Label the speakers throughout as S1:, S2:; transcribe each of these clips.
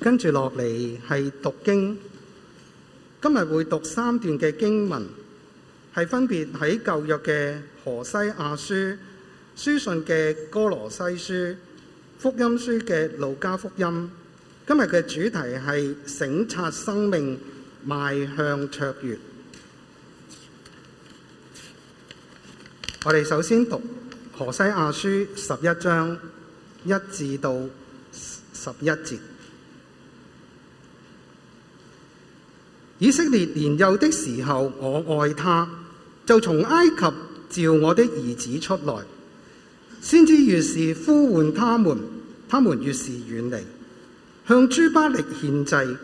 S1: 跟住落嚟係讀經，今日會讀三段嘅經文，係分別喺舊約嘅何西亞書、書信嘅哥羅西書、福音書嘅路加福音。今日嘅主題係省察生命，邁向卓越。我哋首先讀何西亞書十一章一至到十一節。以色列年幼的時候，我愛他，就從埃及召我的兒子出來，先知越是呼喚他們，他們越是遠離，向諸巴力獻祭，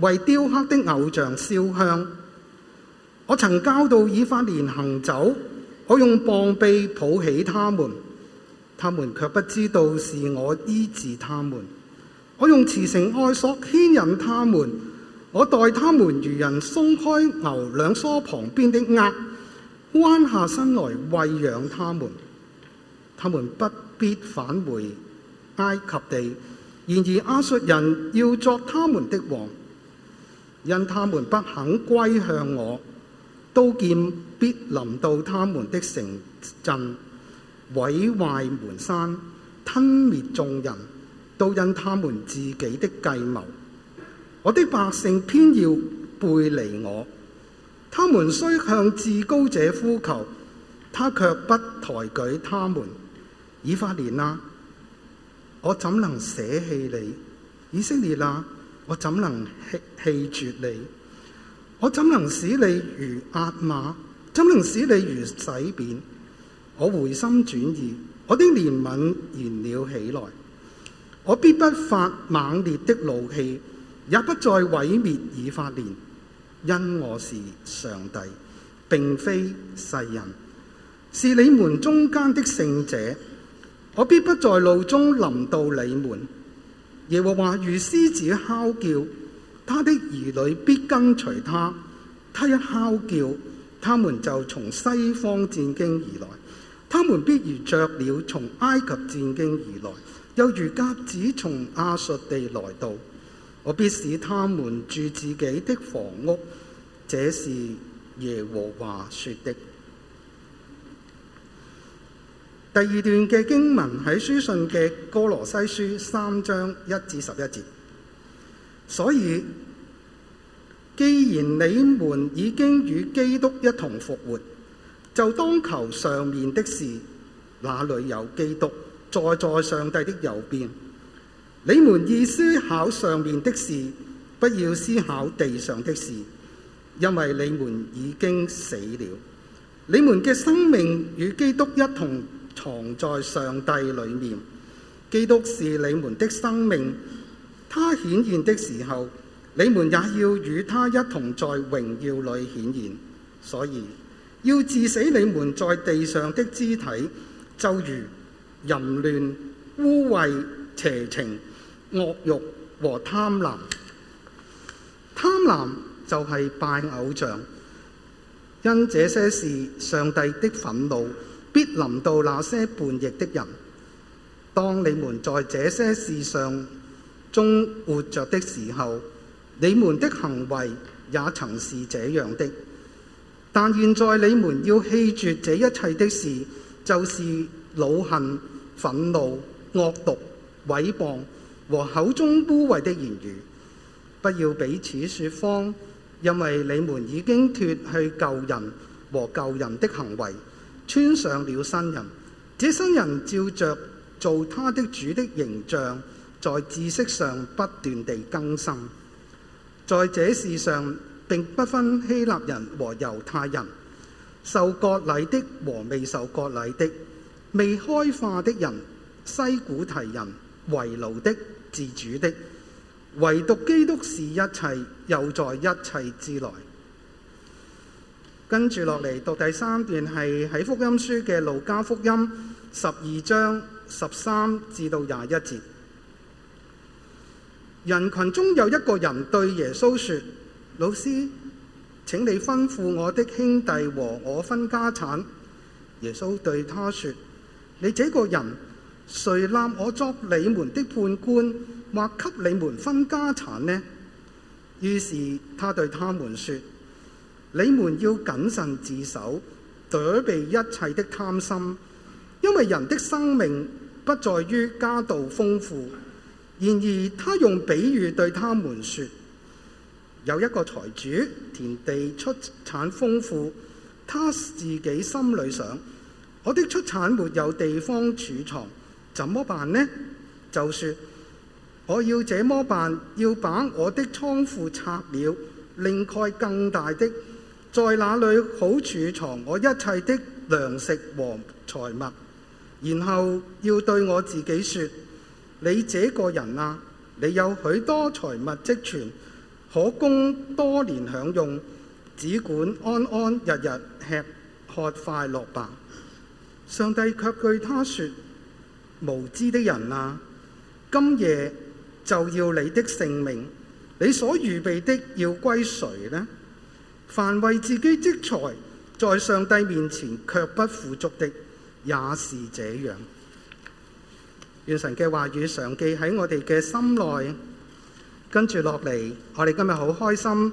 S1: 為雕刻的偶像燒香。我曾教導以法蓮行走，我用膀臂抱起他們，他們卻不知道是我醫治他們。我用慈繩愛索牽引他們。我待他們如人鬆開牛兩腮旁邊的軛，彎下身來餵養他們。他們不必返回埃及地。然而亞述人要作他們的王，因他們不肯歸向我，刀劍必臨到他們的城鎮，毀壞門閂，吞滅眾人，都因他們自己的計謀。我的百姓偏要背離我，他們雖向至高者呼求，他卻不抬舉他們。以法蓮啊，我怎能捨棄你？以色列啊，我怎能棄棄絕你？我怎能使你如壓馬？怎能使你如洗扁？我回心轉意，我的憐憫燃了起來。我必不發猛烈的怒氣。也不再毀滅以法蓮，因我是上帝，並非世人，是你們中間的聖者，我必不在路中臨到你們。耶和華如獅子哮叫，他的兒女必跟隨他。他一哮叫，他們就從西方戰經而來，他們必如雀鳥從埃及戰經而來，又如鴿子從亞述地來到。我必使他們住自己的房屋，這是耶和華說的。第二段嘅經文喺書信嘅哥羅西書三章一至十一節。所以，既然你們已經與基督一同復活，就當求上面的事。那裏有基督，再在上帝的右邊。你們要思考上面的事，不要思考地上的事，因為你們已經死了。你們嘅生命與基督一同藏在上帝裡面，基督是你們的生命。他顯現的時候，你們也要與他一同在榮耀裏顯現。所以要致死你們在地上的肢體，就如淫亂、污穢、邪情。惡欲和貪婪，貪婪就係拜偶像。因這些事，上帝的憤怒必臨到那些叛逆的人。當你們在這些事上中活着的時候，你們的行為也曾是這樣的。但現在你們要棄絕這一切的事，就是惱恨、憤怒、惡毒、毀謗，和口中污穢的言語，不要彼此説謊，因為你們已經脱去舊人和舊人的行為，穿上了新人。這新人照着做他的主的形象，在知識上不斷地更新。在這世上並不分希臘人和猶太人，受割禮的和未受割禮的，未開化的人、西古提人、為奴的。自主的，唯獨基督是一切，又在一切之內。跟住落嚟讀第三段，係喺福音書嘅路加福音十二章十三至到廿一節。人群中有一個人對耶穌說：「老師，請你吩咐我的兄弟和我分家產。耶穌對他說：「你這個人。誰立我作你們的判官或給你們分家產呢？於是他對他們說：你們要謹慎自守，躲避一切的貪心，因為人的生命不在於家道豐富。然而他用比喻對他們說：有一個財主，田地出產豐富，他自己心裏想：我的出產沒有地方儲藏。怎麼辦呢？就説，我要這麼辦，要把我的倉庫拆了，另蓋更大的，在那裏好儲藏我一切的糧食和財物。然後要對我自己説：你這個人啊，你有許多財物積存，可供多年享用，只管安安日日吃喝快樂吧。上帝卻對他説：無知的人啊，今夜就要你的性命。你所預備的要歸誰呢？凡為自己積財，在上帝面前卻不富足的，也是這樣。願神嘅話語常記喺我哋嘅心內。跟住落嚟，我哋今日好開心。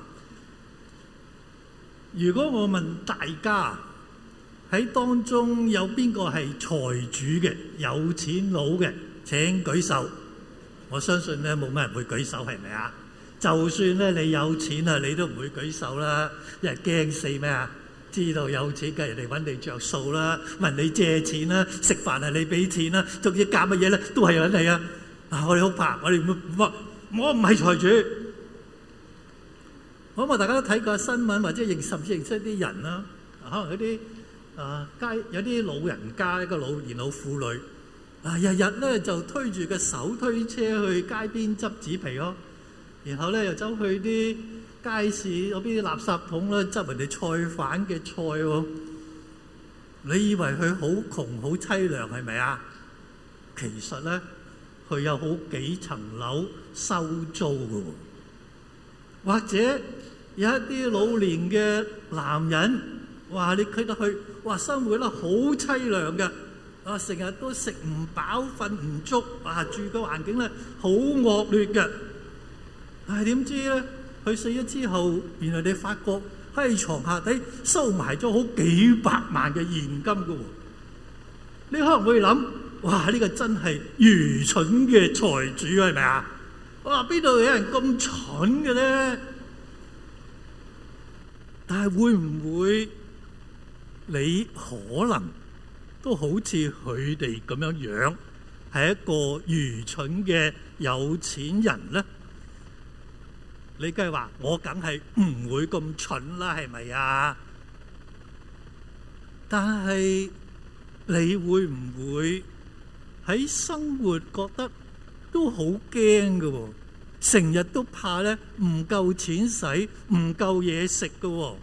S2: 如果我問大家喺當中有邊個係財主嘅有錢佬嘅，請舉手，我相信咧冇乜人會舉手係咪啊？就算咧你有錢啊，你都唔會舉手啦，因為驚死咩啊？知道有錢嘅，人哋揾你着數啦，問你借錢啦，食飯係你俾錢啦，仲要夾乜嘢咧，都係揾你啊！我哋好怕，我哋冇冇，我唔係財主。咁啊，大家都睇過新聞或者認甚至認識一啲人啦。可能嗰啲啊街有啲老人家一個老年老婦女，啊日日咧就推住個手推車去街邊執紙皮咯，啊，然後咧又走去啲街市嗰邊啲垃圾桶咧執，啊、人哋菜販嘅菜，啊、你以為佢好窮好淒涼係咪啊？其實咧，佢有好幾層樓收租嘅喎，啊，或者～有一啲老年嘅男人，話你佢得去，哇生活得好淒涼㗎，啊成日都食唔飽、瞓唔足，啊住嘅環境咧好惡劣㗎。唉，點知咧佢死咗之後，原來你發覺喺牀下底收埋咗好幾百萬嘅現金㗎喎。你可能會諗，哇呢個真係愚蠢嘅財主係咪啊？我話邊度有人咁蠢嘅咧？但係會唔會你可能都好似佢哋咁樣樣，係一個愚蠢嘅有錢人呢？你梗係話我梗係唔會咁蠢啦，係咪啊？但係你會唔會喺生活覺得都好驚㗎喎？成日都怕咧，唔夠錢使，唔夠嘢食嘅。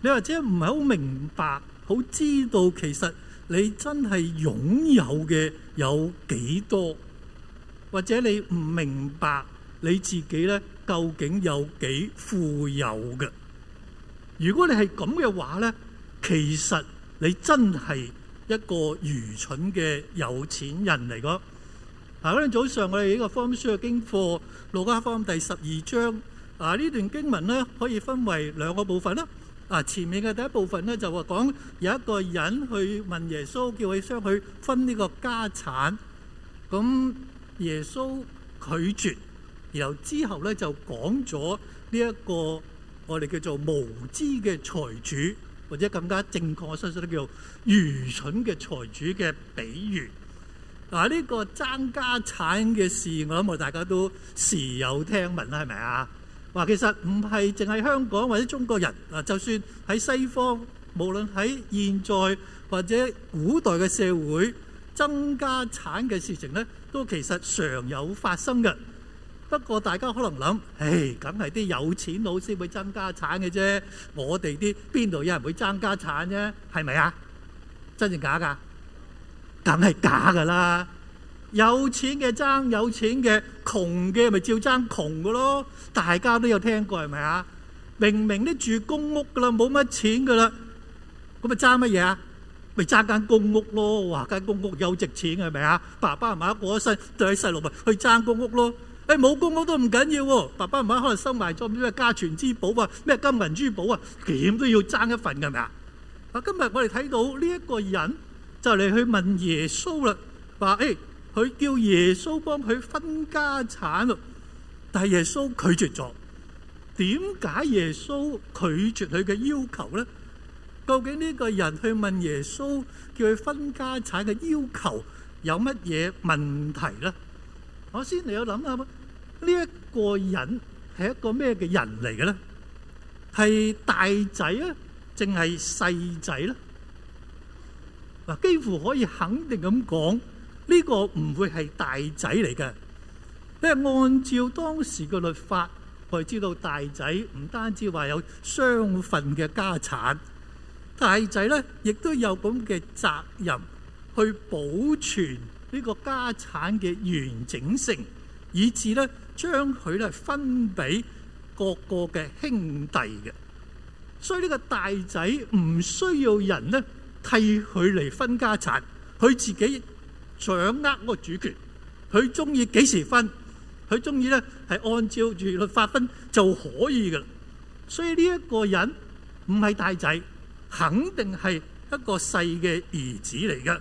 S2: 你或者唔係好明白，好知道其實你真係擁有嘅有幾多，或者你唔明白你自己咧究竟有幾富有嘅。如果你係咁嘅話咧，其實你真係一個愚蠢嘅有錢人嚟㗎。嗱嗰、啊、早上我，我哋呢個福音書嘅經課《路加福音》第十二章，嗱、啊、呢段經文咧可以分為兩個部分啦。啊，前面嘅第一部分咧就話講有一個人去問耶穌，叫佢商佢分呢個家產。咁、嗯、耶穌拒絕，然後之後咧就講咗呢一個我哋叫做無知嘅財主，或者更加正確嘅說法，咧叫愚蠢嘅財主嘅比喻。嗱，呢個爭家產嘅事，我諗大家都時有聽聞啦，係咪啊？話其實唔係淨係香港或者中國人，嗱，就算喺西方，無論喺現在或者古代嘅社會，爭家產嘅事情呢都其實常有發生嘅。不過大家可能諗，唉，梗係啲有錢佬先會爭家產嘅啫，我哋啲邊度有人會爭家產啫？係咪啊？真定假噶？梗係假噶啦！有錢嘅爭有錢嘅，窮嘅咪照爭窮嘅咯。大家都有聽過係咪啊？明明都住公屋噶啦，冇乜錢噶啦，咁咪爭乜嘢啊？咪爭間公屋咯！哇，間公屋又值錢嘅係咪啊？爸爸媽媽過咗身，對啲細路咪去爭公屋咯？誒、欸，冇公屋都唔緊要，爸爸媽媽可能收埋咗咩家傳之寶啊，咩金銀珠寶啊，點都要爭一份㗎咪啊？啊，今日我哋睇到呢一個人。就嚟去問耶穌啦，話誒，佢叫耶穌幫佢分家產啦，但係耶穌拒絕咗。點解耶穌拒絕佢嘅要求咧？究竟呢個人去問耶穌叫佢分家產嘅要求有乜嘢問題咧？我先嚟要諗下啦，呢、這個、一個人係一個咩嘅人嚟嘅咧？係大仔啊，定係細仔咧，啊？嗱，幾乎可以肯定咁講，呢個唔會係大仔嚟嘅。即係按照當時嘅律法，我知道大仔唔單止話有雙份嘅家產，大仔咧亦都有咁嘅責任去保存呢個家產嘅完整性，以至咧將佢咧分俾各個嘅兄弟嘅。所以呢個大仔唔需要人咧。替佢嚟分家產，佢自己掌握個主權，佢中意幾時分，佢中意咧係按照住律法分就可以嘅。所以呢一個人唔係大仔，肯定係一個細嘅兒子嚟嘅。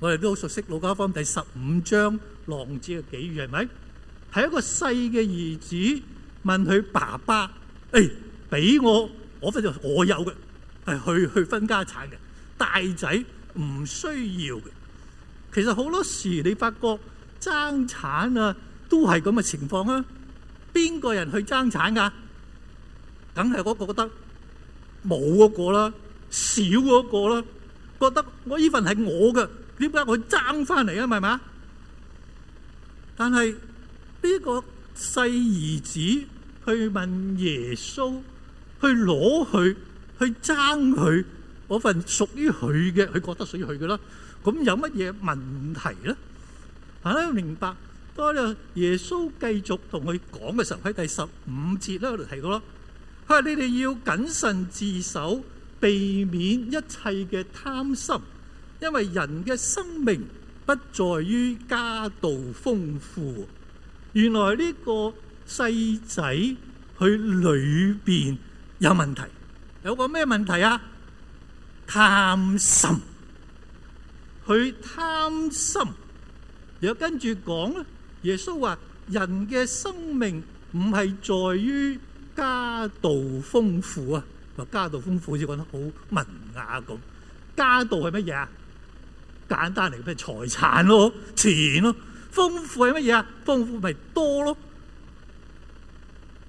S2: 我哋都好熟悉《路加福音第十五章浪子嘅記語，係咪？係一個細嘅兒子問佢爸爸：誒、欸、俾我，我分就我有嘅，係去去分家產嘅。大仔唔需要嘅，其實好多時你發覺爭產啊，都係咁嘅情況啊。邊個人去爭產噶？梗係嗰個覺得冇嗰個啦，少嗰個啦，覺得我呢份係我嘅，點解我爭翻嚟啊？係咪啊？但係呢個細兒子去問耶穌，去攞佢，去爭佢。嗰份屬於佢嘅，佢覺得屬於佢嘅啦。咁有乜嘢問題咧？啊，明白。多當耶穌繼續同佢講嘅時候，喺第十五節咧，度提到咯。佢話：你哋要謹慎自守，避免一切嘅貪心，因為人嘅生命不在於家道豐富。原來呢個細仔佢裏邊有問題，有個咩問題啊？貪心，佢貪心，又跟住講咧。耶穌話：人嘅生命唔係在於家道豐富啊，話家道豐富好似講得好文雅咁。家道係乜嘢啊？簡單嚟嘅，即係財產咯，錢咯。豐富係乜嘢啊？豐富咪多咯。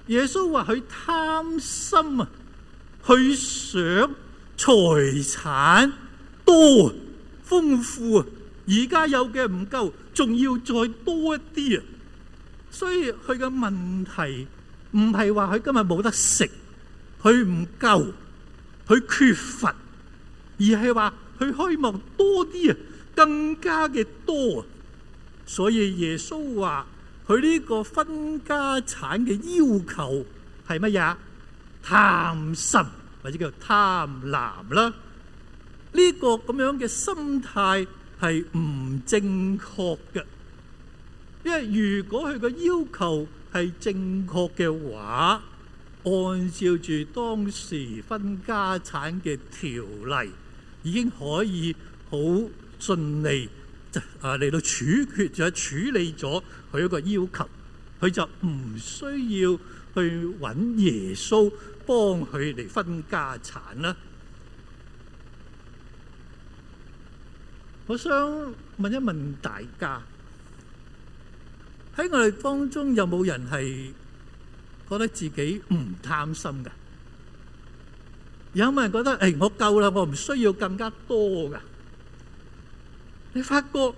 S2: 耶穌話佢貪心啊，去想。財產多啊，豐富啊，而家有嘅唔夠，仲要再多一啲啊！所以佢嘅問題唔係話佢今日冇得食，佢唔夠，佢缺乏，而係話佢希望多啲啊，更加嘅多啊！所以耶穌話佢呢個分家產嘅要求係乜嘢？貪心。或者叫貪婪啦，呢個咁樣嘅心態係唔正確嘅，因為如果佢嘅要求係正確嘅話，按照住當時分家產嘅條例，已經可以好順利就啊嚟到處決咗、處理咗佢一個要求，佢就唔需要。去揾耶穌幫佢哋分家產啦！我想問一問大家，喺我哋當中有冇人係覺得自己唔貪心㗎？有冇人覺得誒，我夠啦，我唔需要更加多㗎？你發覺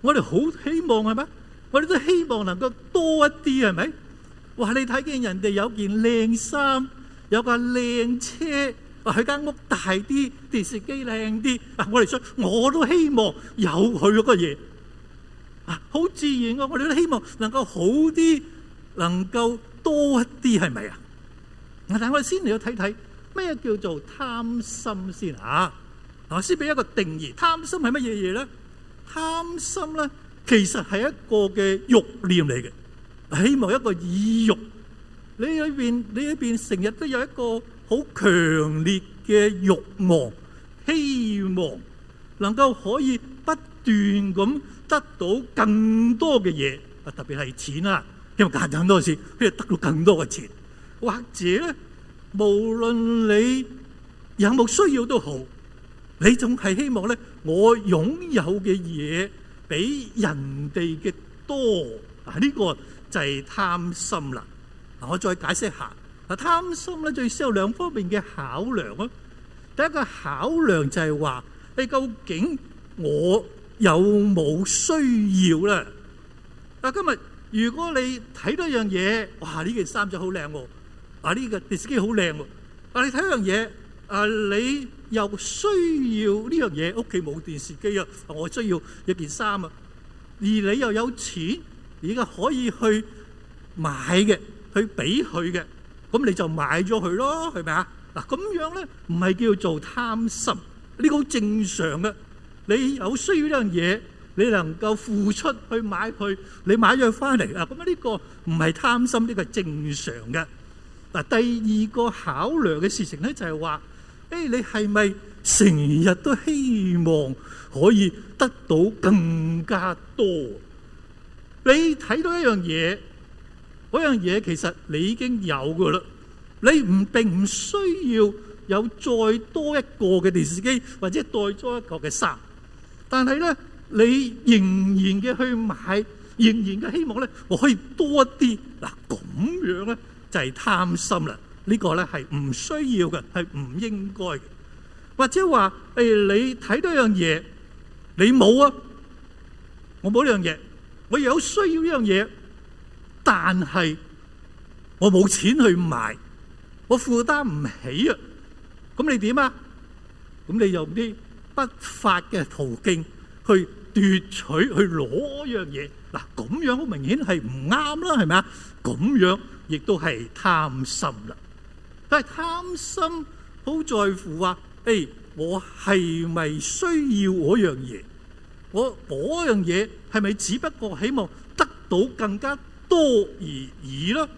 S2: 我哋好希望係咪？我哋都希望能夠多一啲係咪？哇！你睇見人哋有件靚衫，有架靚車，話佢間屋大啲，電視機靚啲。嗱、啊，我哋想，我都希望有佢嗰個嘢，啊，好自然啊！我哋都希望能夠好啲，能夠多一啲，係咪啊？但我哋先嚟去睇睇咩叫做貪心先啊？嗱，我先俾一個定義，貪心係乜嘢嘢咧？貪心咧，其實係一個嘅慾念嚟嘅。希望一個意欲，你裡面，你裡面成日都有一個好強烈嘅欲望，希望能夠可以不斷咁得到更多嘅嘢，特別係錢啊，因為賺咗很多錢，佢又得到更多嘅錢。或者咧，無論你有冇需要都好，你仲係希望咧，我擁有嘅嘢比人哋嘅多。啊，呢個。就係貪心啦，嗱，我再解釋下，貪心咧，最少有兩方面嘅考量啊。第一個考量就係話，你究竟我有冇需要啦？啊，今日如果你睇到一樣嘢，哇，呢件衫就好靚喎，啊，呢個電視機好靚喎，你睇到樣嘢，啊，你又需要呢樣嘢，屋企冇電視機啊，我需要一件衫啊，而你又有錢。而家可以去買嘅，去俾佢嘅，咁你就買咗佢咯，係咪啊？嗱，咁樣咧，唔係叫做貪心，呢個好正常嘅。你有需要呢樣嘢，你能夠付出去買佢，你買咗翻嚟啊，咁啊呢個唔係貪心，呢個正常嘅。嗱，第二個考量嘅事情咧就係話，誒，你係咪成日都希望可以得到更加多？你睇到一樣嘢，嗰樣嘢其實你已經有噶啦。你唔並唔需要有再多一個嘅電視機，或者再多一個嘅衫。但係咧，你仍然嘅去買，仍然嘅希望咧，我可以多一啲。嗱，咁樣咧就係貪心啦。呢個咧係唔需要嘅，係唔應該嘅。或者話，誒，你睇到一樣嘢，你冇啊，我冇呢樣嘢。我有需要呢樣嘢，但係我冇錢去買，我負擔唔起啊！咁你點啊？咁你用啲不法嘅途徑去奪取、去攞呢樣嘢？嗱，咁樣好明顯係唔啱啦，係咪啊？咁樣亦都係貪心啦。但係貪心，好在乎啊！誒，我係咪需要嗰樣嘢？我嗰樣嘢係咪只不過希望得到更加多而已咯？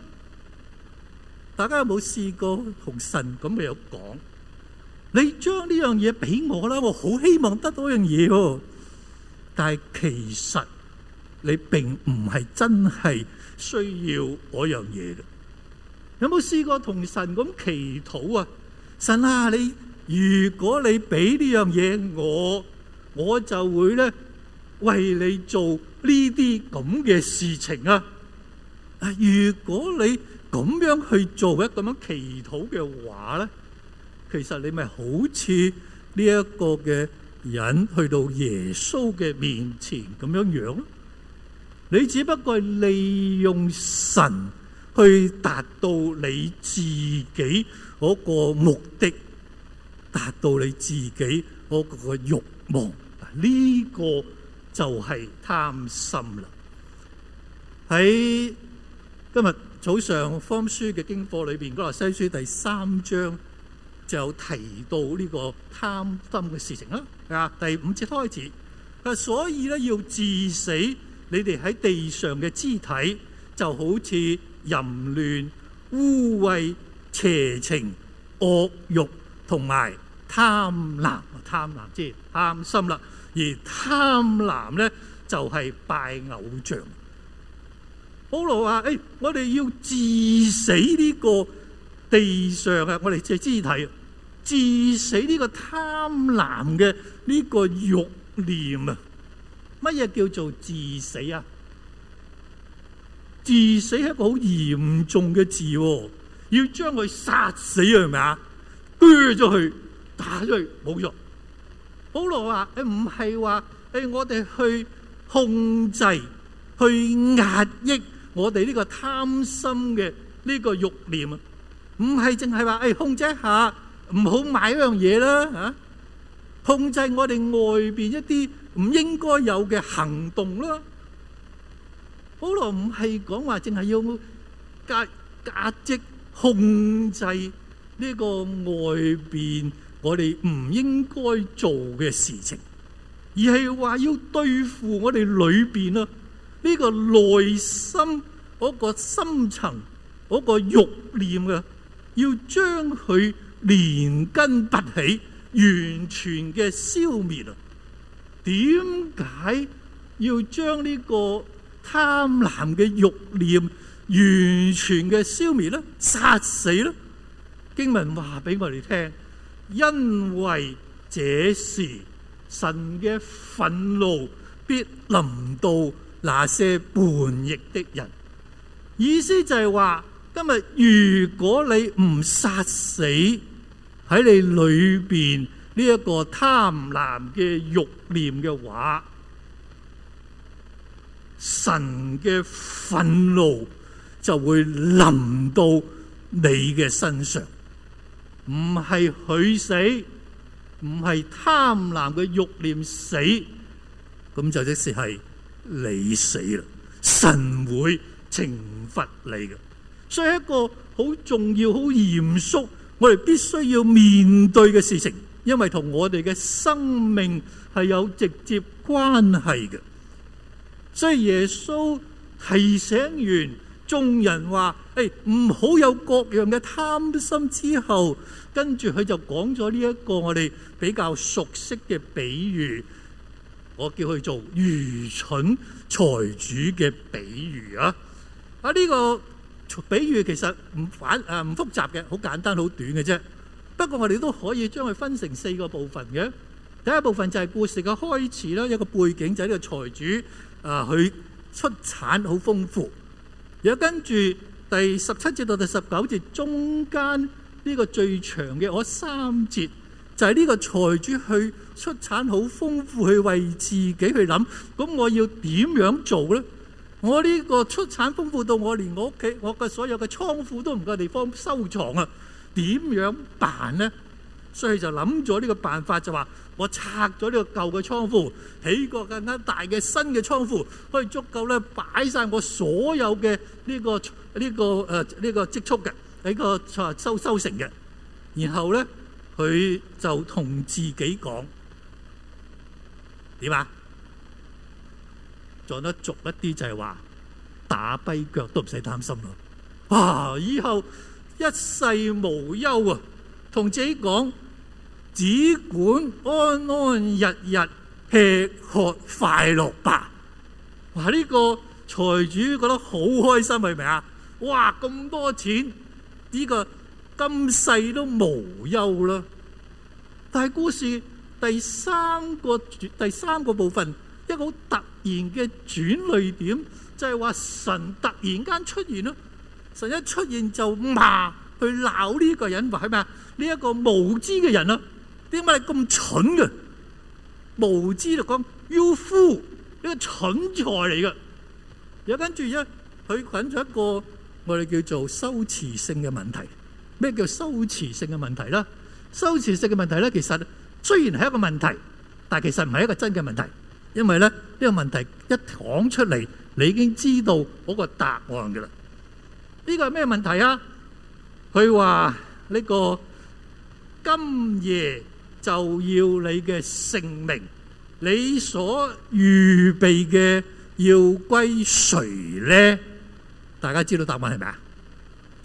S2: 大家有冇試過同神咁樣講？你將呢樣嘢俾我啦，我好希望得到樣嘢喎。但係其實你並唔係真係需要嗰樣嘢嘅。有冇試過同神咁祈禱啊？神啊，你如果你俾呢樣嘢我，我就會咧，為你做呢啲咁嘅事情啊！如果你咁樣去做一咁樣祈禱嘅話咧，其實你咪好似呢一個嘅人去到耶穌嘅面前咁樣樣。你只不過係利用神去達到你自己嗰個目的，達到你自己嗰個慾望。呢、呢個。就係貪心啦！喺今日早上方書嘅經課裏邊，《歌羅西書》第三章就提到呢個貪心嘅事情啦，係啊，第五節開始。啊，所以咧要致死，你哋喺地上嘅肢體就好似淫亂、污穢、邪情、惡欲同埋貪婪啊！貪婪即係貪心啦。而貪婪咧就係、是、拜偶像。保羅話：誒、欸，我哋要致死呢個地上啊，我哋隻肢體，致死呢個貪婪嘅呢個欲念啊。乜嘢叫做致死啊？致死係一個好嚴重嘅字，啊，要將佢殺死係咪啊？丟咗去，打咗去，冇錯。保羅話：誒，唔係話，誒，我哋去控制、去壓抑我哋呢個貪心嘅呢個慾念啊！唔係淨係話，誒，控制一下，唔好買一樣嘢啦嚇。控制我哋外邊一啲唔應該有嘅行動啦。保羅唔係講話淨係要價價值控制呢個外邊，我哋唔應該做嘅事情，而係話要對付我哋裏邊啊，呢個內心嗰個深層嗰個慾念啊，要將佢連根拔起，完全嘅消滅啊！點解要將呢個貪婪嘅慾念完全嘅消滅咧？殺死咧？經文話俾我哋聽。因為這時神嘅憤怒，必臨到那些叛逆的人。意思就係話，今日如果你唔殺死喺你裏邊呢一個貪婪嘅欲念嘅話，神嘅憤怒就會臨到你嘅身上。唔係佢死，唔係貪婪嘅欲念死，咁就即使是係你死啦。神會懲罰你嘅，所以一個好重要、好嚴肅，我哋必須要面對嘅事情，因為同我哋嘅生命係有直接關係嘅。所以耶穌提醒完。眾人話：誒、欸、唔好有各樣嘅貪心之後，跟住佢就講咗呢一個我哋比較熟悉嘅比喻。我叫佢做愚蠢財主嘅比喻啊！啊呢，這個比喻其實唔反啊，唔複雜嘅，好簡單，好短嘅啫。不過我哋都可以將佢分成四個部分嘅。第一部分就係故事嘅開始啦，有個背景就係呢個財主啊，佢出產好豐富。如果跟住第十七節到第十九節中間呢個最長嘅嗰三節，就係呢個財主去出產好豐富，去為自己去諗。咁我要點樣做呢？我呢個出產豐富到我連我屋企我嘅所有嘅倉庫都唔夠地方收藏啊！點樣辦呢？」所以就諗咗呢個辦法就，就話。我拆咗呢個舊嘅倉庫，起個更加大嘅新嘅倉庫，可以足夠咧擺曬我所有嘅呢個呢個誒呢個積蓄嘅，喺個話收收成嘅。然後咧，佢就同自己講點啊？做得俗一啲就係話打跛腳都唔使擔心咯。啊！以後一世無憂啊！同自己講。只管安安日日吃喝快樂吧！哇！呢、這個財主覺得好開心，係咪啊？哇！咁多錢，呢、這個今世都無憂啦。但係故事第三個第三個部分一個好突然嘅轉捩點，就係、是、話神突然間出現啦。神一出現就罵去鬧呢一個人，係咪啊？呢、這、一個無知嘅人啦。點解你咁蠢嘅？無知就講 you fool，一個蠢材嚟嘅。有跟住咧，佢揾咗一個我哋叫做修辭性嘅問題。咩叫修辭性嘅問題咧？修辭性嘅問題咧，其實雖然係一個問題，但其實唔係一個真嘅問題，因為咧呢、這個問題一講出嚟，你已經知道嗰個答案噶啦。呢、這個係咩問題啊？佢話呢個今夜。就要你嘅性命，你所預備嘅要歸誰呢？大家知道答案係咪啊？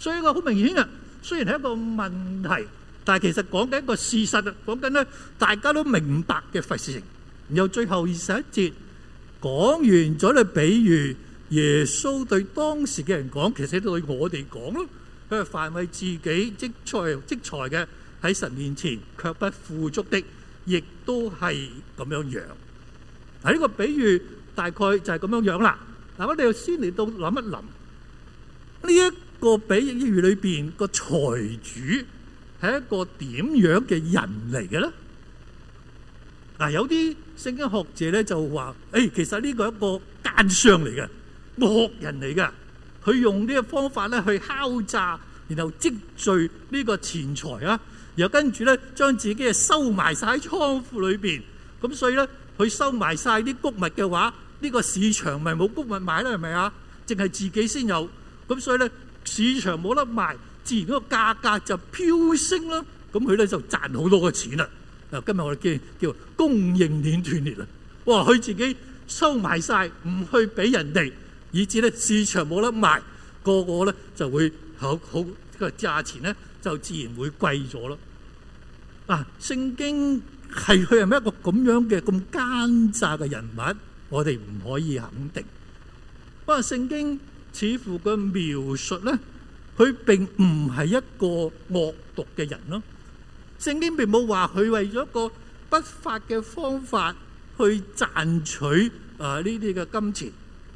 S2: 所以個好明顯啊，雖然係一個問題，但係其實講緊一個事實啊，講緊呢大家都明明白嘅佛事情。然後最後二十一節講完咗，你比喻耶穌對當時嘅人講，其實都對我哋講咯，佢係凡為自己積財積財嘅。喺十年前卻不富足的，亦都係咁樣樣。喺、這、呢個比喻大概就係咁樣樣啦。嗱，我哋又先嚟到諗一諗呢一個比喻裏邊個財主係一個點樣嘅人嚟嘅咧？嗱、啊，有啲聖經學者咧就話，誒、哎，其實呢個係一個奸商嚟嘅，惡人嚟嘅，佢用呢個方法咧去敲詐，然後積聚呢個錢財啊！又跟住咧，將自己嘅收埋晒喺倉庫裏邊，咁所以咧，佢收埋晒啲穀物嘅話，呢、呢個市場咪冇穀物買啦，係咪啊？淨係自己先有，咁所以咧，市場冇得賣，自然嗰個價格就飆升啦。咁佢咧就賺好多嘅錢啦。嗱，今日我哋叫叫供應鏈斷裂啦。哇，佢自己收埋晒，唔去俾人哋，以至咧市場冇得賣，個個咧就會好好、呢個價錢咧。就自然會貴咗咯。嗱，聖經係佢係咪一個咁樣嘅咁奸詐嘅人物？我哋唔可以肯定。不過聖經似乎個描述咧，佢並唔係一個惡毒嘅人咯。聖經並冇話佢為咗一個不法嘅方法去賺取啊呢啲嘅金錢，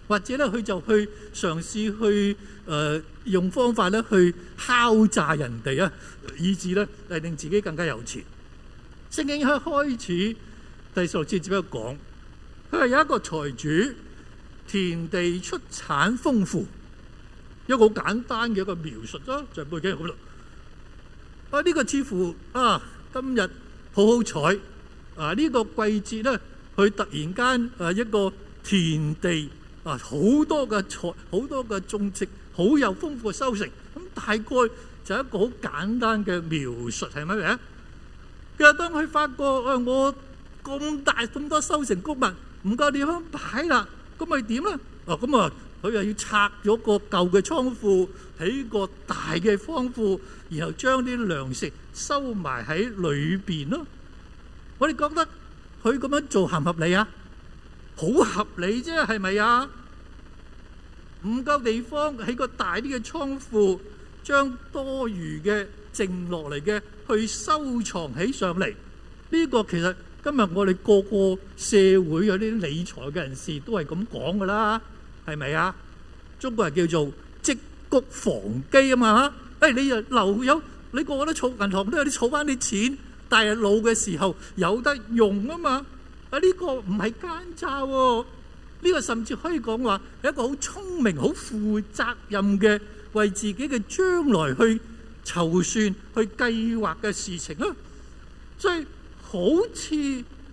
S2: 或者咧佢就去嘗試去誒。用方法咧去敲詐人哋啊，以致咧嚟令自己更加有錢。聖經喺開始第十六節，只不過講佢係有一個財主，田地出產豐富。一個好簡單嘅一個描述咯，就係背景好啦。啊，呢個似乎啊，今日好好彩啊！呢個季節咧，佢突然間啊，一個田地啊，好多嘅財，好多嘅種植。好有豐富嘅收成，咁大概就係一個好簡單嘅描述，係咪啊？其實當佢發覺誒、呃，我咁大咁多收成穀物唔夠地方擺啦，咁咪點咧？哦，咁啊，佢又要拆咗個舊嘅倉庫，起個大嘅倉庫，然後將啲糧食收埋喺裏邊咯。我哋覺得佢咁樣做合唔合理啊？好合理啫，係咪啊？唔夠地方喺個大啲嘅倉庫，將多餘嘅剩落嚟嘅去收藏起上嚟。呢、這個其實今日我哋個個社會有啲理財嘅人士都係咁講噶啦，係咪啊？中國人叫做積谷防饑啊嘛。誒、哎，你又留有你個個都儲銀行都有啲儲翻啲錢，但係老嘅時候有得用啊嘛。這個、啊，呢個唔係奸詐喎。呢個甚至可以講話係一個好聰明、好負責任嘅，為自己嘅將來去籌算、去計劃嘅事情啊，即係好似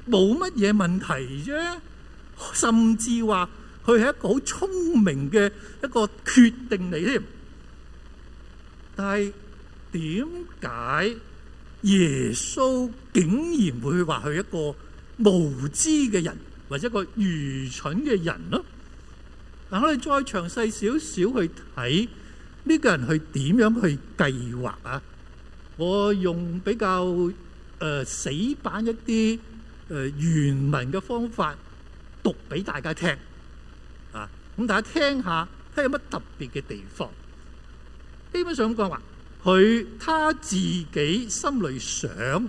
S2: 冇乜嘢問題啫，甚至話佢係一個好聰明嘅一個決定嚟添。但係點解耶穌竟然會話佢一個無知嘅人？或者一個愚蠢嘅人咯，嗱，我哋再詳細少少去睇呢個人去點樣去計劃啊。我用比較誒、呃、死板一啲誒、呃、原文嘅方法讀俾大家聽啊！咁大家聽下，睇有乜特別嘅地方？基本上咁講話，佢他，他自己心裏想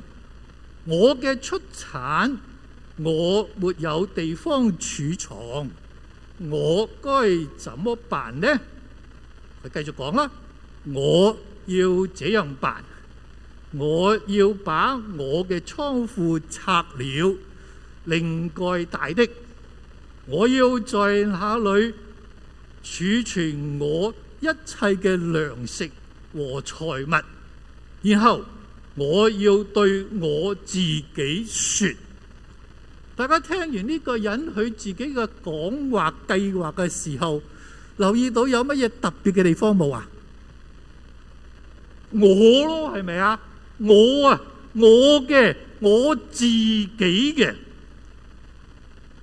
S2: 我嘅出產。我沒有地方儲藏，我該怎麼辦呢？佢繼續講啦。我要這樣辦，我要把我嘅倉庫拆了，另蓋大的。我要在那裏儲存我一切嘅糧食和財物，然後我要對我自己説。大家聽完呢個人佢自己嘅講話計劃嘅時候，留意到有乜嘢特別嘅地方冇啊？我咯，係咪啊？我啊，我嘅我自己嘅。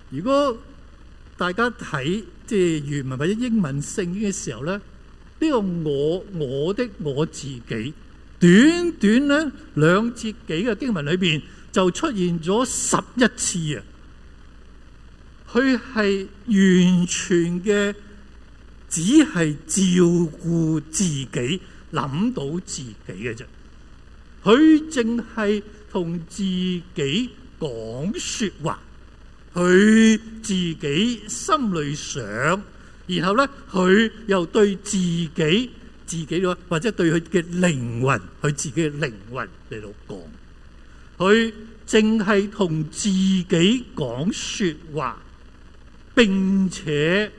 S2: 如果大家睇即係原文或者英文聖經嘅時候咧，呢個我我的我自己，短短咧兩節幾嘅經文裏邊就出現咗十一次啊！佢係完全嘅，只係照顧自己，諗到自己嘅啫。佢淨係同自己講説話，佢自己心裏想，然後咧佢又對自己自己或者對佢嘅靈魂，佢自己嘅靈魂嚟到講。佢淨係同自己講説話，並且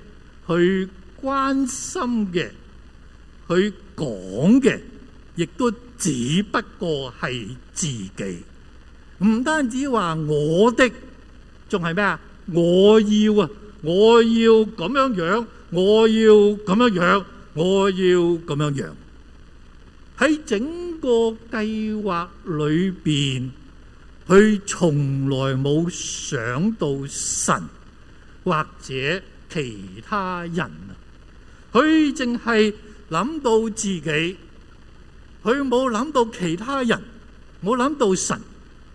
S2: 去關心嘅，佢講嘅，亦都只不過係自己。唔單止話我的，仲係咩啊？我要啊，我要咁樣樣，我要咁樣樣，我要咁樣樣。喺整個計劃裏邊。佢從來冇想到神或者其他人啊，佢淨係諗到自己，佢冇諗到其他人，冇諗到神，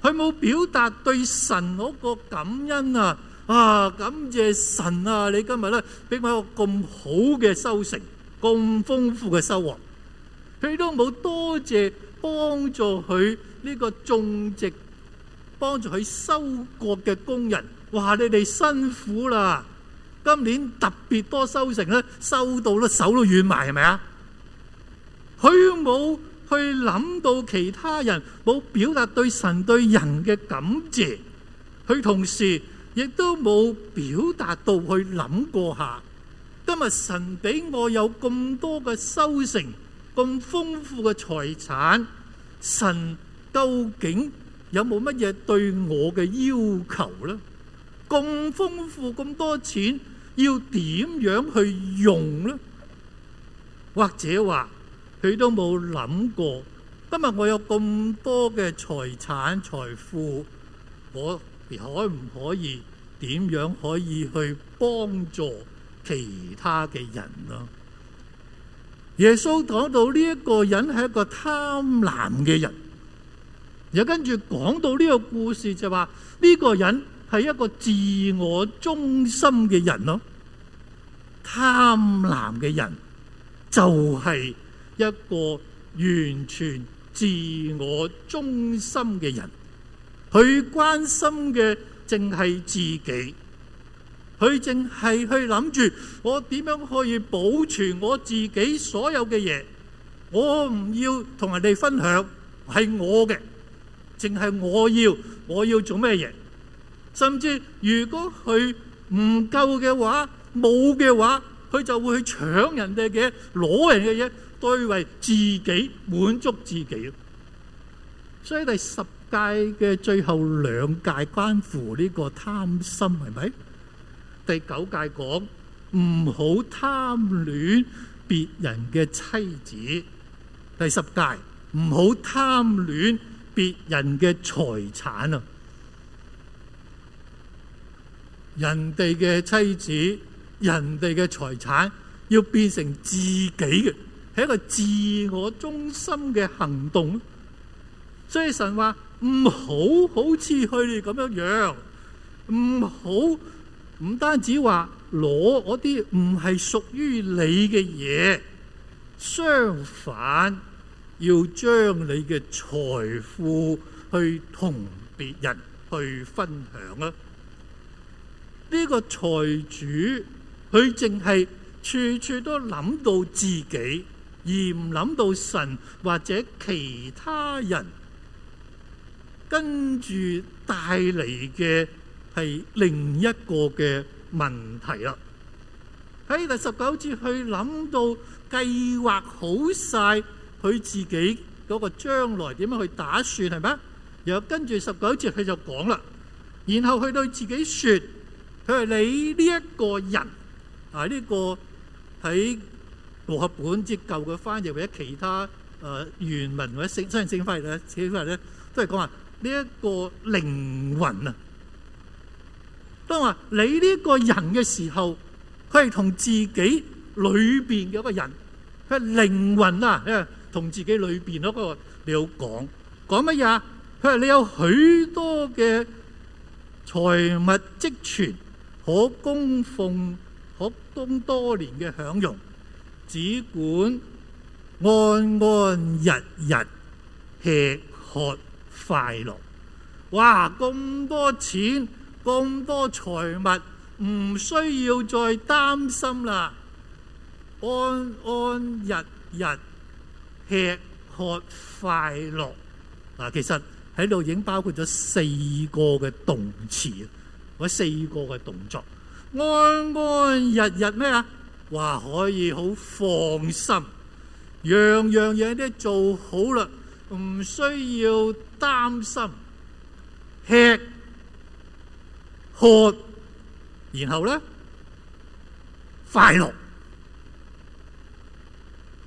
S2: 佢冇表達對神嗰個感恩啊！啊，感謝神啊！你今日咧俾我一個咁好嘅收成，咁豐富嘅收穫，佢都冇多謝幫助佢呢個種植。幫助佢收割嘅工人，哇！你哋辛苦啦，今年特別多收成咧，收到咧，手都軟埋，係咪啊？佢冇去諗到其他人，冇表達對神對人嘅感謝，佢同時亦都冇表達到去諗過下，今日神俾我有咁多嘅收成，咁豐富嘅財產，神究竟有冇乜嘢對我嘅要求呢？咁豐富咁多錢，要點樣去用呢？或者話佢都冇諗過，今日我有咁多嘅財產財富，我可唔可以點樣可以去幫助其他嘅人呀？耶穌講到呢一個人係一個貪婪嘅人。又跟住講到呢個故事就話呢個人係一個自我中心嘅人咯，貪婪嘅人就係一個完全自我中心嘅人，佢關心嘅淨係自己，佢淨係去諗住我點樣可以保存我自己所有嘅嘢，我唔要同人哋分享，係我嘅。淨係我要，我要做咩嘢？甚至如果佢唔夠嘅話，冇嘅話，佢就會去搶人哋嘅，攞人嘅嘢對為自己滿足自己。所以第十誡嘅最後兩誡關乎呢個貪心，係咪？第九誡講唔好貪戀別人嘅妻子，第十誡唔好貪戀。別人嘅財產啊，人哋嘅妻子、人哋嘅財產要變成自己嘅，係一個自我中心嘅行動。所以神話唔好好似佢哋噉樣樣，唔好唔單止話攞嗰啲唔係屬於你嘅嘢，相反。要將你嘅財富去同別人去分享啊。呢個財主佢淨係處處都諗到自己，而唔諗到神或者其他人，跟住帶嚟嘅係另一個嘅問題啦。喺第十九節，佢諗到計劃好晒。佢自己嗰個將來點樣去打算係咩？然後跟住十九節佢就講啦，然後佢對自己説：佢係你呢一個人啊，呢個喺和合本節舊嘅翻譯或者其他誒原文或者聖聖經翻譯咧，此類咧都係講話呢一個靈魂啊。當話你呢一個人嘅時候，佢係同自己裏邊嘅一個人，佢係靈魂啊，因為。同自己裏邊嗰個，你好講講乜嘢啊？佢話你有許多嘅財物積存，可供奉學東多年嘅享用，只管安安逸逸吃喝快樂。哇！咁多錢，咁多財物，唔需要再擔心啦。安安逸逸。吃喝快樂啊！其實喺度已經包括咗四個嘅動詞，嗰四個嘅動作，安安日日咩啊？哇，可以好放心，樣樣嘢都做好啦，唔需要擔心吃喝，然後咧快樂。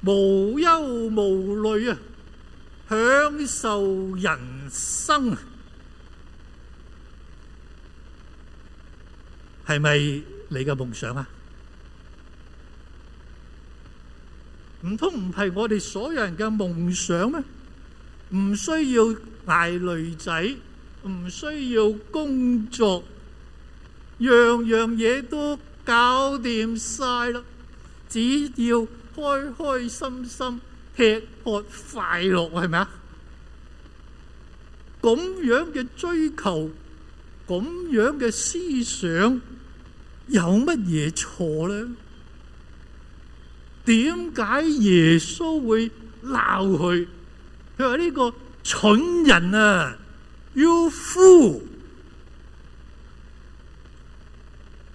S2: 無憂無慮啊，享受人生啊，係咪你嘅夢想啊？唔通唔係我哋所有人嘅夢想咩？唔需要挨女仔，唔需要工作，樣樣嘢都搞掂晒啦，只要。開開心心吃喝快樂，係咪啊？咁樣嘅追求，咁樣嘅思想，有乜嘢錯呢？點解耶穌會鬧佢？佢話呢個蠢人啊，You fool！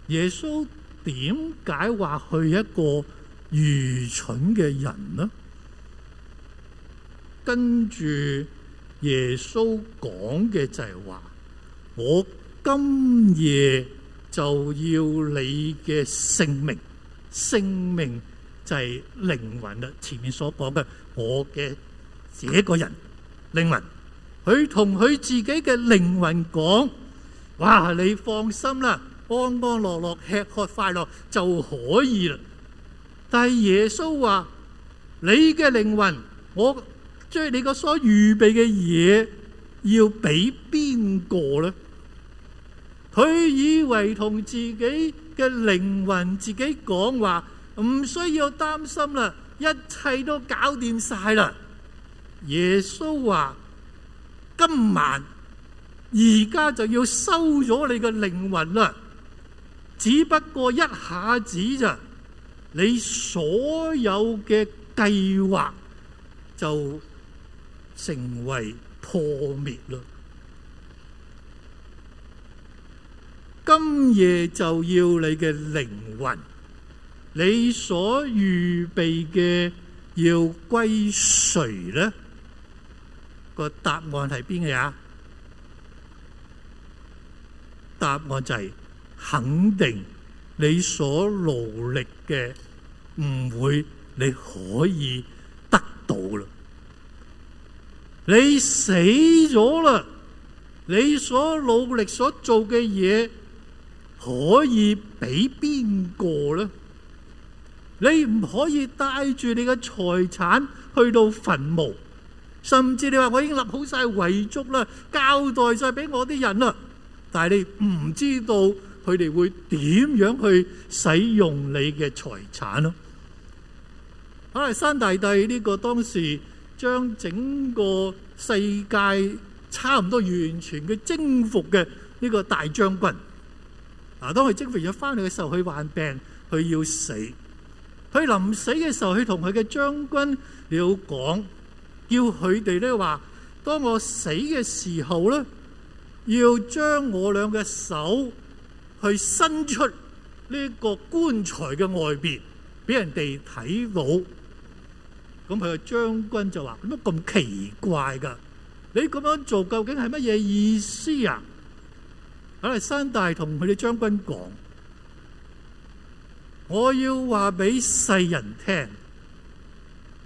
S2: 耶穌點解話去一個？愚蠢嘅人呢，跟住耶穌講嘅就係話：我今夜就要你嘅性命，性命就係靈魂啦。前面所講嘅我嘅這個人，靈魂，佢同佢自己嘅靈魂講：哇，你放心啦，安安樂樂吃喝快樂就可以啦。但係耶穌話：你嘅靈魂，我將你個所預備嘅嘢要俾邊個呢？佢以為同自己嘅靈魂自己講話，唔需要擔心啦，一切都搞掂晒啦。耶穌話：今晚而家就要收咗你嘅靈魂啦，只不過一下子咋？你所有嘅計劃就成為破滅啦！今夜就要你嘅靈魂，你所預備嘅要歸誰呢？個答案係邊個呀？答案就係肯定你所勞力嘅。唔會，你可以得到啦。你死咗啦，你所努力所做嘅嘢可以俾邊個呢？你唔可以帶住你嘅財產去到墳墓，甚至你話我已經立好晒遺囑啦，交代晒俾我啲人啦。但係你唔知道佢哋會點樣去使用你嘅財產咯。亞歷山大帝呢個當時將整個世界差唔多完全嘅征服嘅呢個大將軍，啊，當佢征服咗翻嚟嘅時候，佢患病，佢要死，佢臨死嘅時候，佢同佢嘅將軍你要講，叫佢哋咧話：當我死嘅時候咧，要將我兩嘅手去伸出呢個棺材嘅外邊，俾人哋睇到。咁佢個將軍就話：乜咁奇怪㗎？你咁樣做究竟係乜嘢意思啊？亞歷山大同佢哋將軍講：我要話俾世人聽，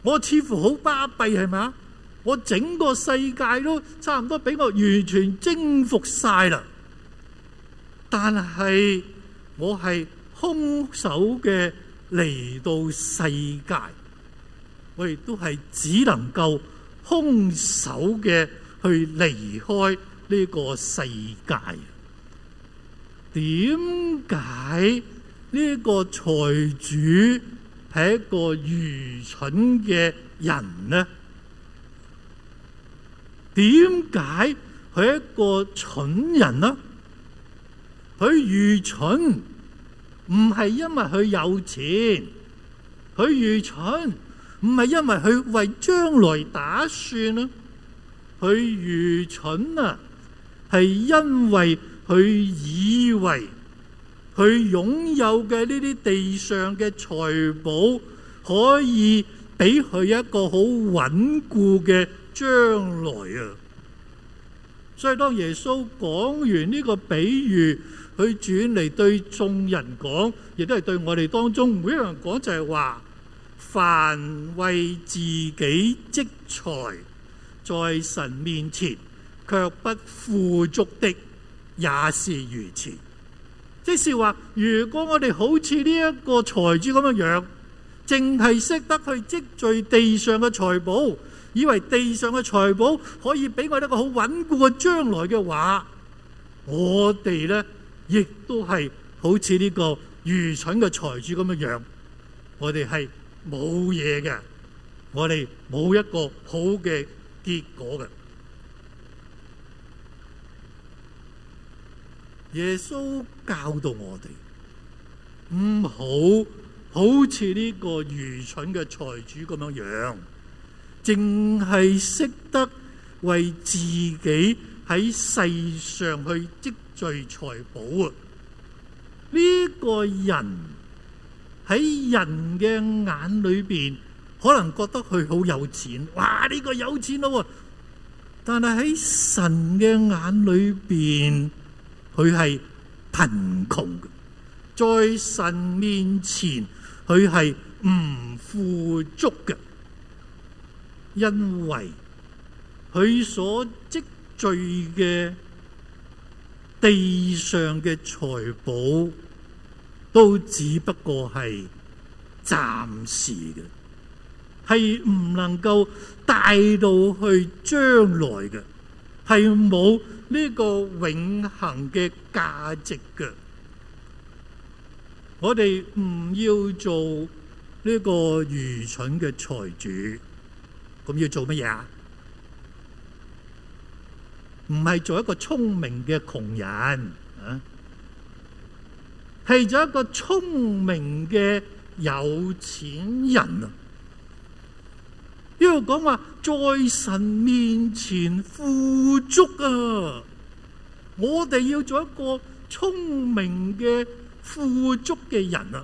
S2: 我似乎好巴閉係咪啊？我整個世界都差唔多俾我完全征服晒啦，但係我係空手嘅嚟到世界。佢亦都係只能夠空手嘅去離開呢個世界。點解呢個財主係一個愚蠢嘅人呢？點解佢係一個蠢人呢？佢愚蠢唔係因為佢有錢，佢愚蠢。唔係因為佢為將來打算咯，佢愚蠢啊，係因為佢以為佢擁有嘅呢啲地上嘅財寶可以俾佢一個好穩固嘅將來啊。所以當耶穌講完呢個比喻，佢轉嚟對眾人講，亦都係對我哋當中每一個人講就係話。凡為自己積財，在神面前卻不富足的，也是如此。即是話，如果我哋好似呢一個財主咁嘅樣，淨係識得去積聚地上嘅財寶，以為地上嘅財寶可以俾我一個好穩固嘅將來嘅話，我哋呢亦都係好似呢個愚蠢嘅財主咁嘅樣，我哋係。冇嘢嘅，我哋冇一個好嘅結果嘅。耶穌教導我哋唔好好似呢個愚蠢嘅財主咁樣樣，淨係識得為自己喺世上去積聚財寶。呢個人。喺人嘅眼裏邊，可能覺得佢好有錢，哇！呢個有錢咯喎，但係喺神嘅眼裏邊，佢係貧窮嘅，在神面前佢係唔富足嘅，因為佢所積聚嘅地上嘅財寶。都只不過係暫時嘅，係唔能夠帶到去將來嘅，係冇呢個永恆嘅價值嘅。我哋唔要做呢個愚蠢嘅財主，咁要做乜嘢啊？唔係做一個聰明嘅窮人。係咗一個聰明嘅有錢人啊！呢個講話在神面前富足啊！我哋要做一個聰明嘅富足嘅人啊！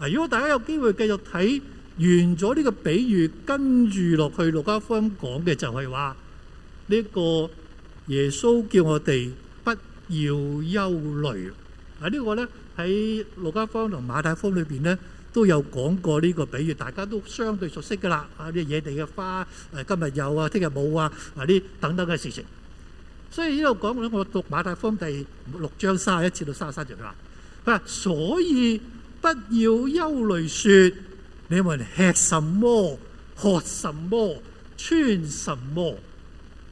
S2: 啊！如果大家有機會繼續睇完咗呢個比喻，跟住落去路加福音講嘅就係話呢個耶穌叫我哋不要憂慮啊！這個、呢個咧。喺路加福音同馬太福音裏邊咧，都有講過呢個比喻，大家都相對熟悉噶啦。啊啲野地嘅花，誒今日有啊，聽日冇啊，嗱啲等等嘅事情。所以呢度講咧，我讀馬太福音第六章卅一次到卅三節啦。佢話，就是說：所以不要憂慮，說你們吃什麼、喝什麼、穿什麼？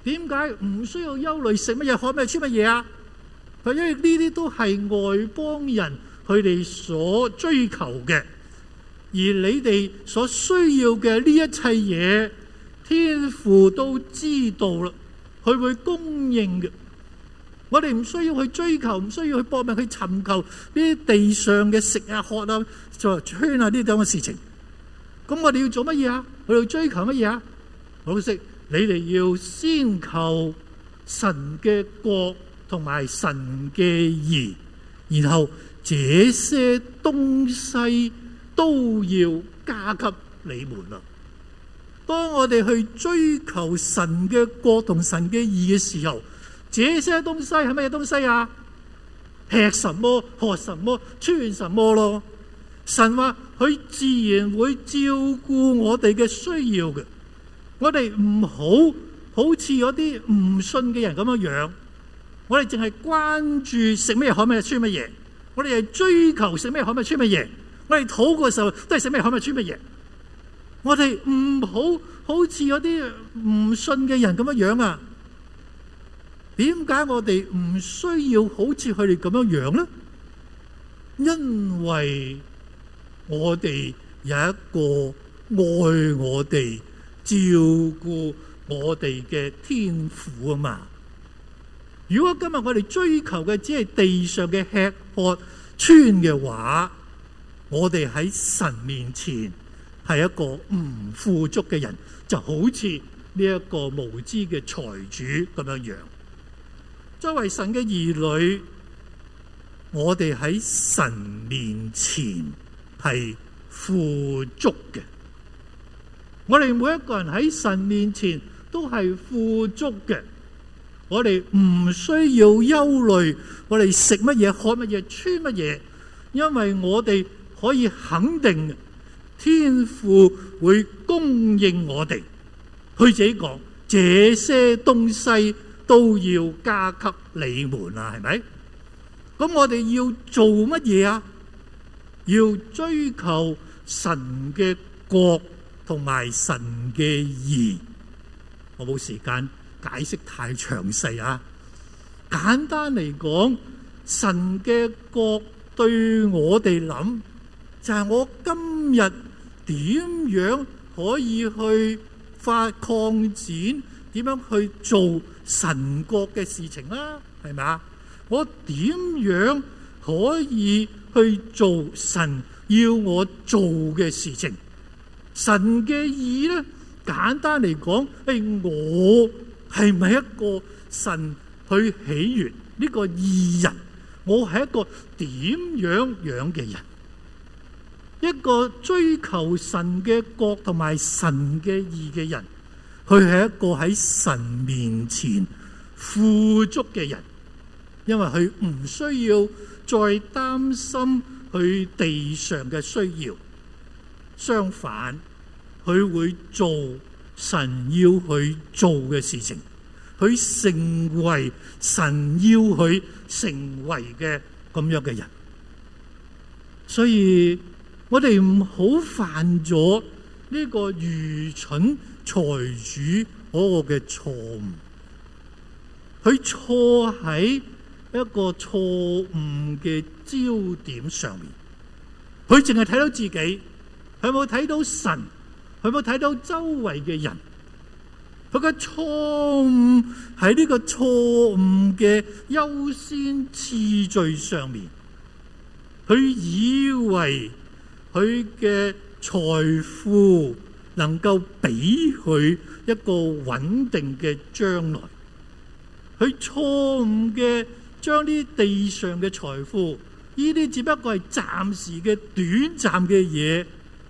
S2: 點解唔需要憂慮食乜嘢、喝乜嘢、穿乜嘢啊？係因為呢啲都係外邦人佢哋所追求嘅，而你哋所需要嘅呢一切嘢，天父都知道啦，佢會供應嘅。我哋唔需要去追求，唔需要去搏命去尋求呢啲地上嘅食啊、喝啊、做穿啊呢啲咁嘅事情。咁我哋要做乜嘢啊？去追求乜嘢啊？好識，你哋要先求神嘅國。同埋神嘅義，然後這些東西都要加給你們啦。當我哋去追求神嘅國同神嘅義嘅時候，這些東西係乜嘢東西啊？吃什麼、喝什麼、穿什麼咯？神話佢自然會照顧我哋嘅需要嘅。我哋唔好好似嗰啲唔信嘅人咁嘅樣。我哋淨係關注食咩、喝咩、穿乜嘢；我哋係追求食咩、喝咩、穿乜嘢；我哋禱告嘅時候都係食咩、喝咩、穿乜嘢。我哋唔好好似嗰啲唔信嘅人咁樣樣啊？點解我哋唔需要好似佢哋咁樣樣咧？因為我哋有一個愛我哋、照顧我哋嘅天父啊嘛。如果今日我哋追求嘅只係地上嘅吃喝穿嘅話，我哋喺神面前係一個唔富足嘅人，就好似呢一個無知嘅財主咁樣樣。作為神嘅兒女，我哋喺神面前係富足嘅。我哋每一個人喺神面前都係富足嘅。我哋唔需要憂慮，我哋食乜嘢、喝乜嘢、穿乜嘢，因為我哋可以肯定，天父會供應我哋。佢自己講，這些東西都要加給你們啦，係咪？咁我哋要做乜嘢啊？要追求神嘅國同埋神嘅義。我冇時間。解釋太詳細啊！簡單嚟講，神嘅國對我哋諗就係我今日點樣可以去發擴展，點樣去做神國嘅事情啦？係咪啊？我點樣可以去做神要我做嘅事情？神嘅意呢，簡單嚟講係我。係咪一個神去起源呢個義人？我係一個點樣樣嘅人？一個追求神嘅國同埋神嘅義嘅人，佢係一個喺神面前富足嘅人，因為佢唔需要再擔心佢地上嘅需要。相反，佢會做。神要去做嘅事情，佢成為神要去成為嘅咁樣嘅人，所以我哋唔好犯咗呢個愚蠢財主嗰個嘅錯誤。佢錯喺一個錯誤嘅焦點上面，佢淨係睇到自己，佢冇睇到神。佢冇睇到周圍嘅人，佢嘅錯誤喺呢個錯誤嘅優先次序上面。佢以為佢嘅財富能夠俾佢一個穩定嘅將來。佢錯誤嘅將啲地上嘅財富，呢啲只不過係暫時嘅、短暫嘅嘢，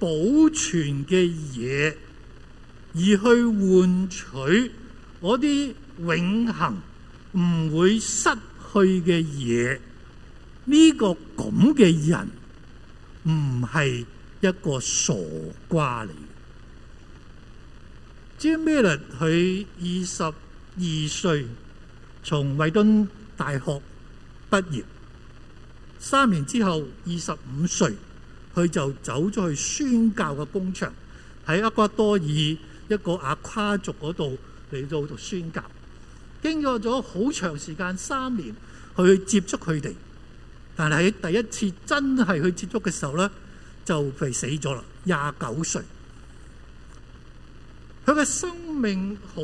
S2: 保存嘅嘢，而去換取嗰啲永恒唔會失去嘅嘢，呢、這個咁嘅人唔係一個傻瓜嚟嘅。Jemila 佢二十二歲，從惠頓大學畢業，三年之後二十五歲。佢就走咗去宣教嘅工場，喺厄瓜多爾一個阿跨族嗰度嚟到度宣教，經過咗好長時間，三年去接觸佢哋，但係喺第一次真係去接觸嘅時候咧，就被死咗啦，廿九歲，佢嘅生命好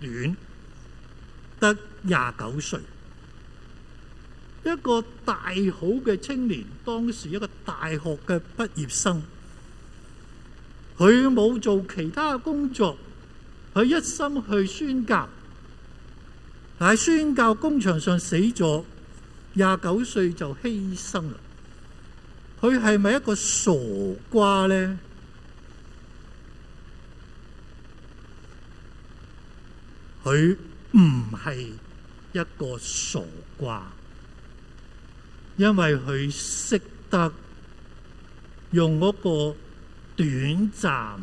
S2: 短，得廿九歲。一個大好嘅青年，當時一個大學嘅畢業生，佢冇做其他工作，佢一心去宣教，喺宣教工場上死咗廿九歲就犧牲啦。佢係咪一個傻瓜呢？佢唔係一個傻瓜。因為佢識得用嗰個短暫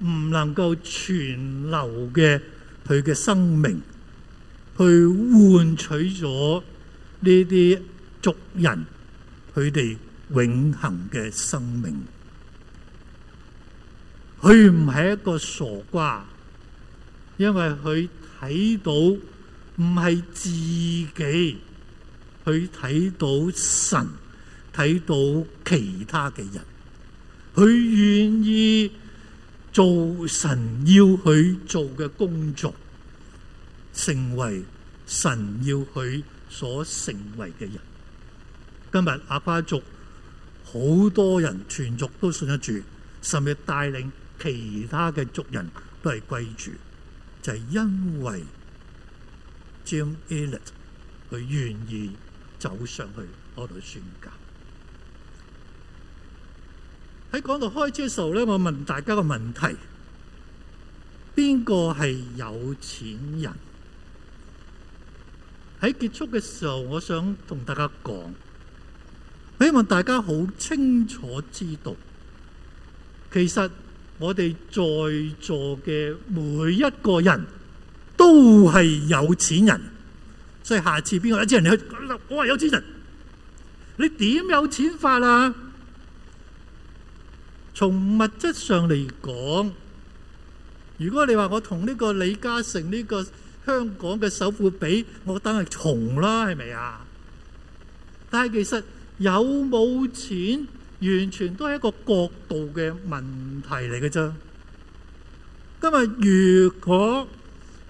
S2: 唔能夠存留嘅佢嘅生命，去換取咗呢啲族人佢哋永恆嘅生命。佢唔係一個傻瓜，因為佢睇到唔係自己。佢睇到神，睇到其他嘅人，佢願意做神要佢做嘅工作，成為神要佢所成為嘅人。今日阿巴族好多人全族都信得住，甚至帶領其他嘅族人都係歸主，就係、是，因為 Jim Elliot 佢願意。走上去算，我度宣教。喺講到開車嘅時候咧，我問大家個問題：邊個係有錢人？喺結束嘅時候，我想同大家講，希望大家好清楚知道，其實我哋在座嘅每一個人都係有錢人。所以下次邊個有錢人你去？我話有錢人，你點有錢法啊？從物質上嚟講，如果你話我同呢個李嘉誠呢個香港嘅首富比，我梗係窮啦，係咪啊？但係其實有冇錢完全都係一個角度嘅問題嚟嘅啫。今日如果，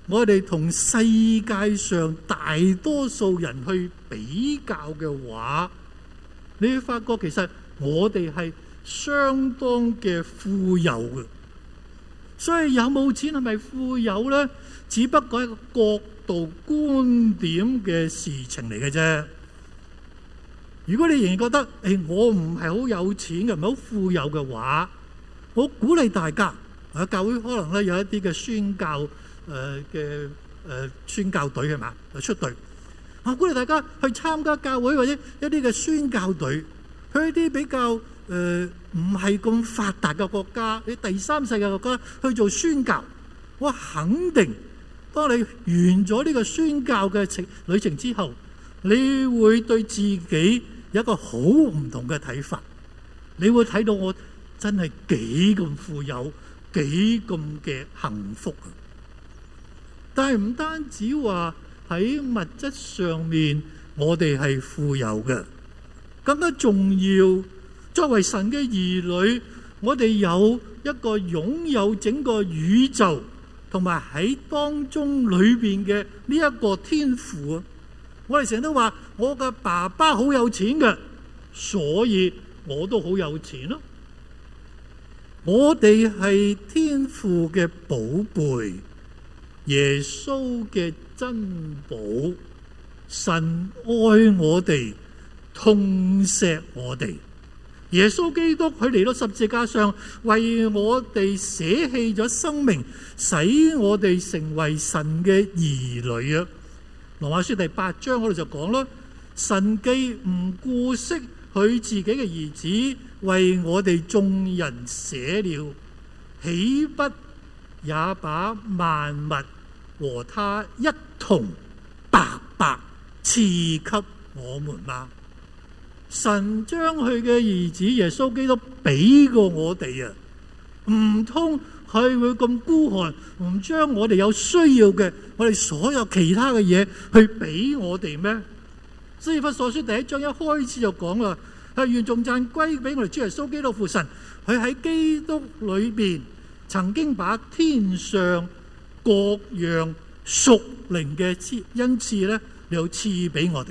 S2: 我哋同世界上大多數人去比較嘅話，你會發覺其實我哋係相當嘅富有嘅，所以有冇錢係咪富有咧？只不過係一個角度觀點嘅事情嚟嘅啫。如果你仍然覺得誒、哎、我唔係好有錢嘅，唔係好富有嘅話，我鼓勵大家，啊教會可能咧有一啲嘅宣教。誒嘅誒宣教隊係嘛？誒出隊，我鼓勵大家去參加教會或者一啲嘅宣教隊，去一啲比較誒唔係咁發達嘅國家，你第三世界國家去做宣教，我肯定當你完咗呢個宣教嘅程旅程之後，你會對自己有一個好唔同嘅睇法，你會睇到我真係幾咁富有，幾咁嘅幸福。但係唔單止話喺物質上面，我哋係富有嘅，更加重要。作為神嘅兒女，我哋有一個擁有整個宇宙，同埋喺當中裏邊嘅呢一個天父。我哋成日都話，我嘅爸爸好有錢嘅，所以我都好有錢咯。我哋係天父嘅寶貝。耶穌嘅珍寶，神愛我哋，痛惜我哋。耶穌基督佢嚟到十字架上，為我哋捨棄咗生命，使我哋成為神嘅兒女啊！羅馬書第八章嗰度就講啦：「神既唔顧惜佢自己嘅兒子，為我哋眾人捨了，豈不也把萬物？和他一同白白賜給我們嗎？神將佢嘅兒子耶穌基督俾過我哋啊，唔通佢會咁孤寒，唔將我哋有需要嘅，我哋所有其他嘅嘢去俾我哋咩？以弗所書第一章一開始就講啦，係願頌讚歸俾我哋主耶穌基督父神，佢喺基督裏邊曾經把天上。各樣屬靈嘅恩賜，因此咧又賜俾我哋。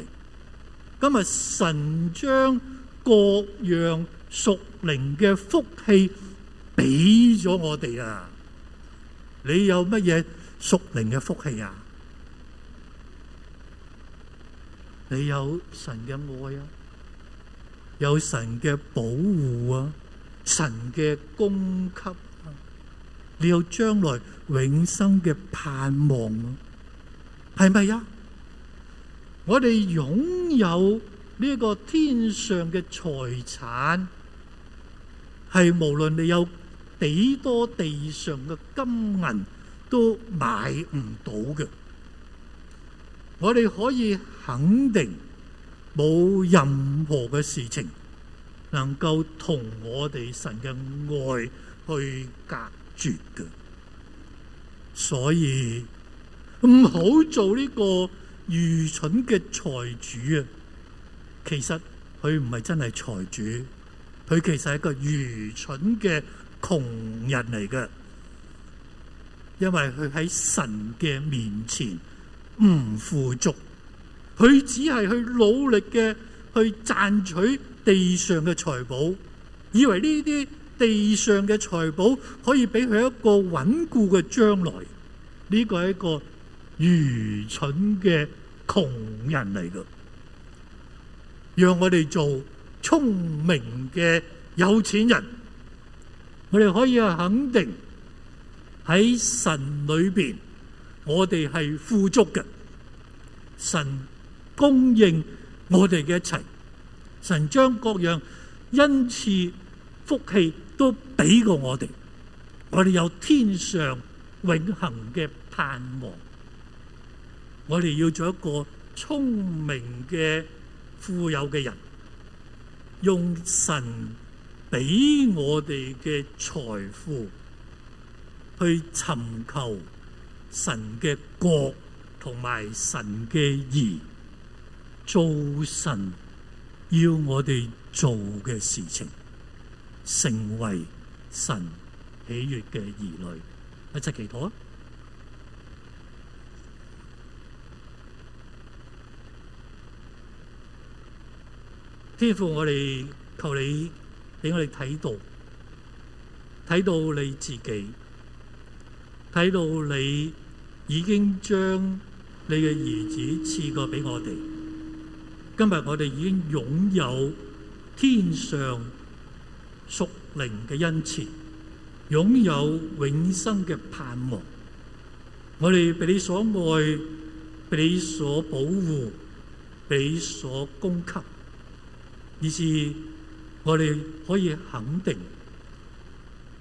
S2: 今日神將各樣屬靈嘅福氣俾咗我哋啊！你有乜嘢屬靈嘅福氣啊？你有神嘅愛啊，有神嘅保護啊，神嘅供給。你有將來永生嘅盼望啊？係咪呀？我哋擁有呢個天上嘅財產，係無論你有幾多地上嘅金銀都買唔到嘅。我哋可以肯定，冇任何嘅事情能夠同我哋神嘅愛去隔絕嘅，所以唔好做呢個愚蠢嘅財主啊！其實佢唔係真係財主，佢其實係一個愚蠢嘅窮人嚟嘅。因為佢喺神嘅面前唔富足，佢只係去努力嘅去賺取地上嘅財寶，以為呢啲。地上嘅財寶可以俾佢一個穩固嘅將來，呢個係一個愚蠢嘅窮人嚟嘅。讓我哋做聰明嘅有錢人，我哋可以肯定喺神裏邊，我哋係富足嘅。神供應我哋嘅一切，神將各樣恩賜福氣。都俾過我哋，我哋有天上永恆嘅盼望。我哋要做一個聰明嘅富有嘅人，用神俾我哋嘅財富去尋求神嘅國同埋神嘅義，做神要我哋做嘅事情。成為神喜悦嘅兒女，一齊祈禱啊！天父，我哋求你俾我哋睇到，睇到你自己，睇到你已經將你嘅兒子賜過俾我哋。今日我哋已經擁有天上。屬靈嘅恩賜，擁有永生嘅盼望。我哋被你所愛，被你所保護，被你所供給，於是我哋可以肯定，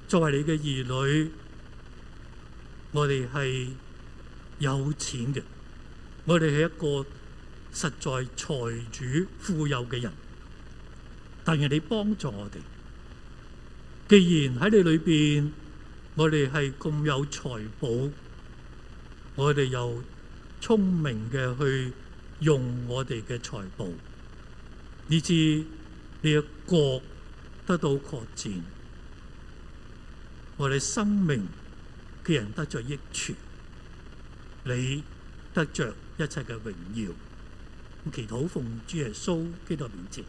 S2: 作為你嘅兒女，我哋係有錢嘅，我哋係一個實在財主富有嘅人。但係你幫助我哋。既然喺你裏邊，我哋係咁有財寶，我哋又聰明嘅去用我哋嘅財寶，以至你個國得到擴展，我哋生命嘅人得着益處，你得着一切嘅榮耀，祈禱奉主耶穌基督
S1: 面前，